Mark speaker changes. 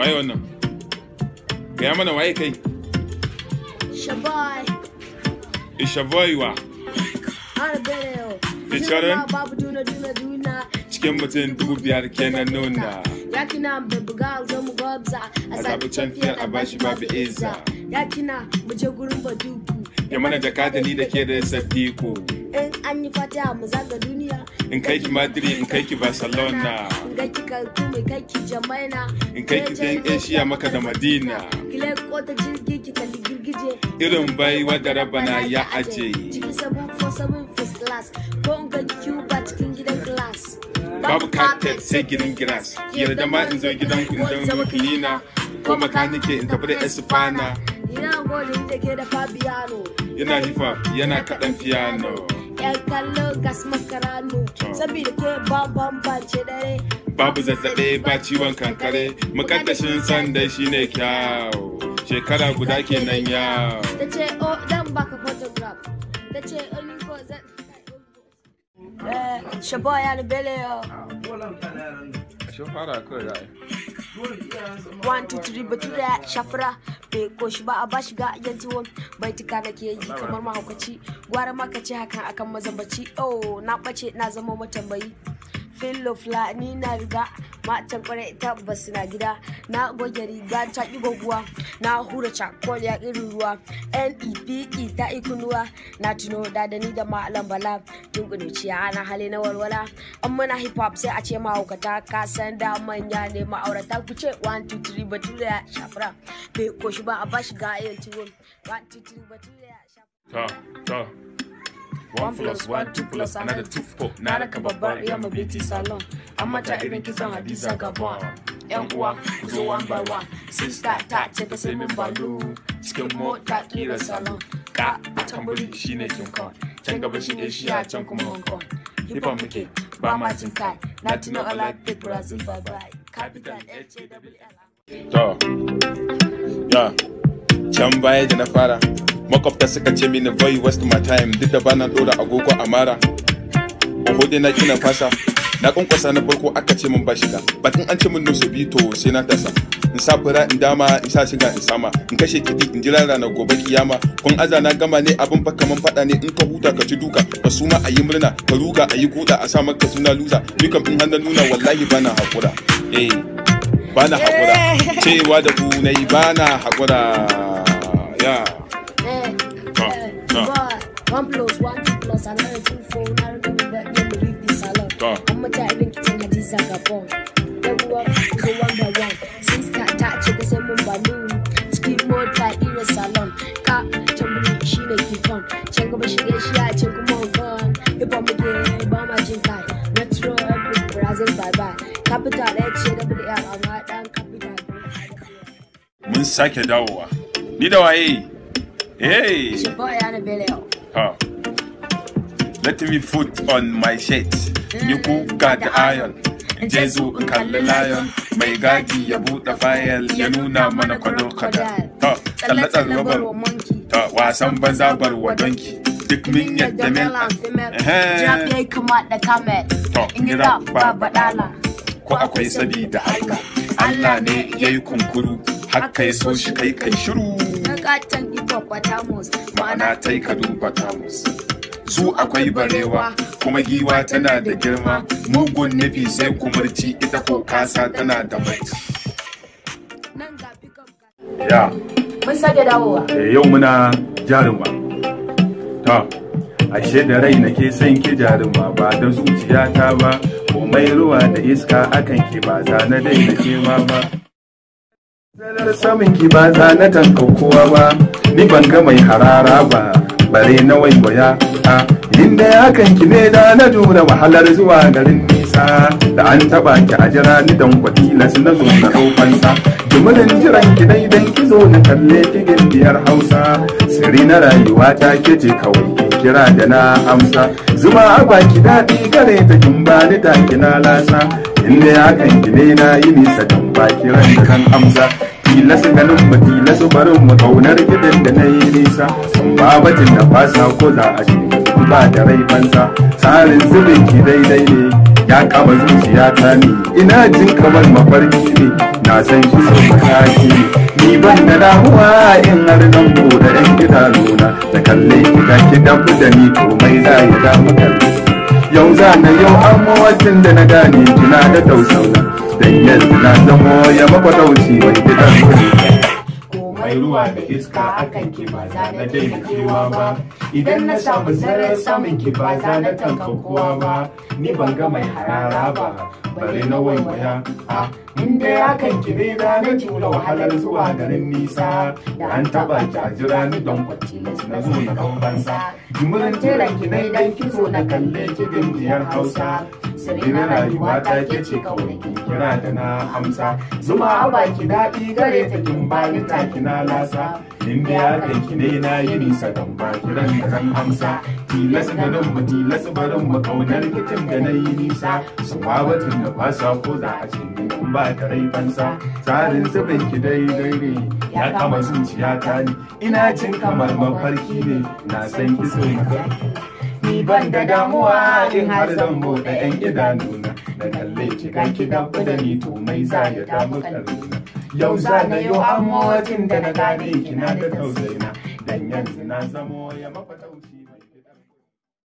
Speaker 1: waye wannan gaya mana waye kai
Speaker 2: shabai
Speaker 1: ishabai wa Isharan? Cikin mutum dubu biyar kenan nuna.
Speaker 2: Yaki na buga
Speaker 1: A can fiyar a bashi babu iza. ya mana jakadani da ke da sabdiko
Speaker 2: in an yi fata mu zaga duniya
Speaker 1: in kai ki madrid in kai ki barcelona in kai
Speaker 2: ki kalku mai kai ki jamaina in kai ki dan asia
Speaker 1: maka da madina kile
Speaker 2: kota jirgi ki kalli girgije
Speaker 1: irin bai wadda rabana ya aje cikin
Speaker 2: sabon for first class ko in kai ba cikin gidan class babu carpet
Speaker 1: sai gidan giras yarda ma in zo gidan ku in kilina ko makanike in tafi da espana
Speaker 2: Ina gode da ke da Fabiano.
Speaker 1: Yana hifa yana kaɗan fiyano.
Speaker 2: Yan kallo gas mascarano. Sabida ke ba bambance dare.
Speaker 1: Babu zazzaɓe ba ciwon kankare. Mukaddashin sanda shi ne kyau. Shekara guda kenan yawo.
Speaker 2: Ta ce o dan baka photograph. Ta ce o ni ko zan. Eh, Shabo ya ni bele yo.
Speaker 1: Shafara kawai da.
Speaker 2: One, two, three, batura, shafara. ko shi ba a shi ga yan tuwon bai tuka ke yi kamar mahaukaci gwara maka hakan akan mazambaci oh na bace na zama matambayi fillo fulani na riga matan kwarai ita su na gida na goge riga ta ƙi goguwa na hura cakol ya irin ruwa nepe e ta ikunuwa na tuno da da ni da malam bala tun kuduciya na hali na walwala an mana hip hop sai a ce mahaukata ka san da manya ne ma'aurata ku ce 1 2 3 bature ya shafra bai koshi ba a bashi ga ayyar tuwon 1 2 3 bature ya
Speaker 1: shafra ta ta One plus one, two plus another two four. Na raka babbar iya mu salon. An mata irin kitson Hadiza Gabon. Yan uwa, ku one by one. Sister ta ce ta sai min balo. Cikin mota kira salon. Ka a shine King Kong. Can Asia can kuma Hong Kong. Hip hop muke ba ma jin kai. Na tuno alaƙa Brazil bye
Speaker 2: bye. Capital H-A-W-L.
Speaker 1: To, ya, can baya da na fara. makwabta suka ce mini boy waste my time duk da bana dora agogo a mara oho dai na kina fasa na kunkusa na farko aka ce min ba shiga batun an ce min no bi to sai na tasa in sa fura in dama in sa shiga in sama in kashe kiti in jira rana gobe kiyama kun aza na gama ne abin fa kaman fada ne in ka huta ka ci duka ka suma a yi murna ka ruga a yi guda a sa maka suna luza ni kam in hannun nuna wallahi bana hakura eh bana hakura cewa da ku nayi bana hakura ya yeah.
Speaker 2: One plus one, two plus another two four. I'm coming back, then we leave this alone. I'm a child in kitchen, I just have a bone. Then we walk, go one by one. Since that touch it, the same one balloon. Skip mode, like in a salon. Cap, jump, in, she make you fun. Check up a shit, she check up my gun. If I'm a gay, bomb, I think I. Retro, Brazil, bye bye. Capital, X, shit, I'm right down, capital.
Speaker 1: Mun sake dawowa. Ni da waye? Eh? Hey! Shi
Speaker 2: ba ya da Beleo.
Speaker 1: Huh. Ah. Let me put on my shirt, ni kuka da iron. Jezu in kalli lion, mai gadi ya buɗe fayil ya nuna mana kwado kada. Ta, tsalle-tsalle bar ta wasan banza bar wa donki. Duk min yadda mel and female,
Speaker 2: jab ya kama da camel,
Speaker 1: in yi rap ba badala. Ko akwai sabi da Allah ne ya yi kunkuru, haka ya so shi kai kai shiru.
Speaker 2: hippopotamus
Speaker 1: ma'ana ta ka duba tamus su akwai barewa kuma giwa tana da girma mugun nufi sai kumarci ita ko kasa tana da mai ya
Speaker 2: mun sake dawowa
Speaker 1: eh, yau muna jaruma ta ashe da rai ke son ki jaruma ba da zuciyata ba komai ruwa da iska akan ki ba za na daina ce ma ba Ranar samun ki ba za na tanka kowa ba, ni ban ga mai harara ba, bare na waiwaya a inda ya kanki ne da na dura wahalar zuwa garin nisa da an taba ki a jira ni dan kwatilas na zo na ɗaukansa. Jimirin jiran ki dai dan ki zo na kalle ki biyar Hausa, siri na rayuwa ta ke kawai. kira da na amsa zuma baki daɗi gare ta kin bani ta kina lasa in ne hakan ki na yi nisa kan baki ran da kan amsa tilasu ganin mu tilasu barin mu kaunar gidan da na yi nisa san babatin da fasa ko za a shi ba da rai banza tsarin zubin ki daidai ne ya kama zuciya ta ne ina jin kamar mafarki ne na san shi sun mataki ne ni ban da damuwa in har nan ko da yan nuna da kalle da kida da ni to mai za ya damu kalle yau za na yau amma wacin da na gane tuna da tausauna dan yanzu na zamo ya makwatauci wani gidan kuɗi ai ruwa da iska akan ki ba za na daina ba idan na samu zarar samun ki ba za na ba ni ban ga mai harara ba bare na waiwaya a inda ya kan ki ne na na tura wahalar zuwa garin nisa da an taba ki a ni don kwatilas na zo na kan bansa jimurin jiran ki na idan ki zo na kalle ki diyar hausa na rayuwa ta ke ce kawai kira da na hamsa zuma a baki daɗi gare ta kin bani ta kina lasa in da yaran ki ne na yi nisa dan ba kiran zan hamsa tilas garin mu tilas barin mu kaunar kitin da na yi nisa su batun da ba sa ko za a ce ni in ba ta rai fansa tsarin zubin ki dai dai ne ya kama zuciya ta ne ina cin kamar mafarki ne na san kisan ka ban da damuwa in har zan bude yan idanuna da kalle cikin kidan da ni to mai za ya damu nuna
Speaker 2: yau za na yi amotin
Speaker 1: da na gane kina da tausayina dan yanzu na zamo ya mafa